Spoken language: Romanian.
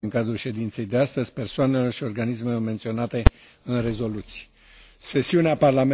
în cadrul ședinței de astăzi persoanelor și organismelor menționate în rezoluții. sesiunea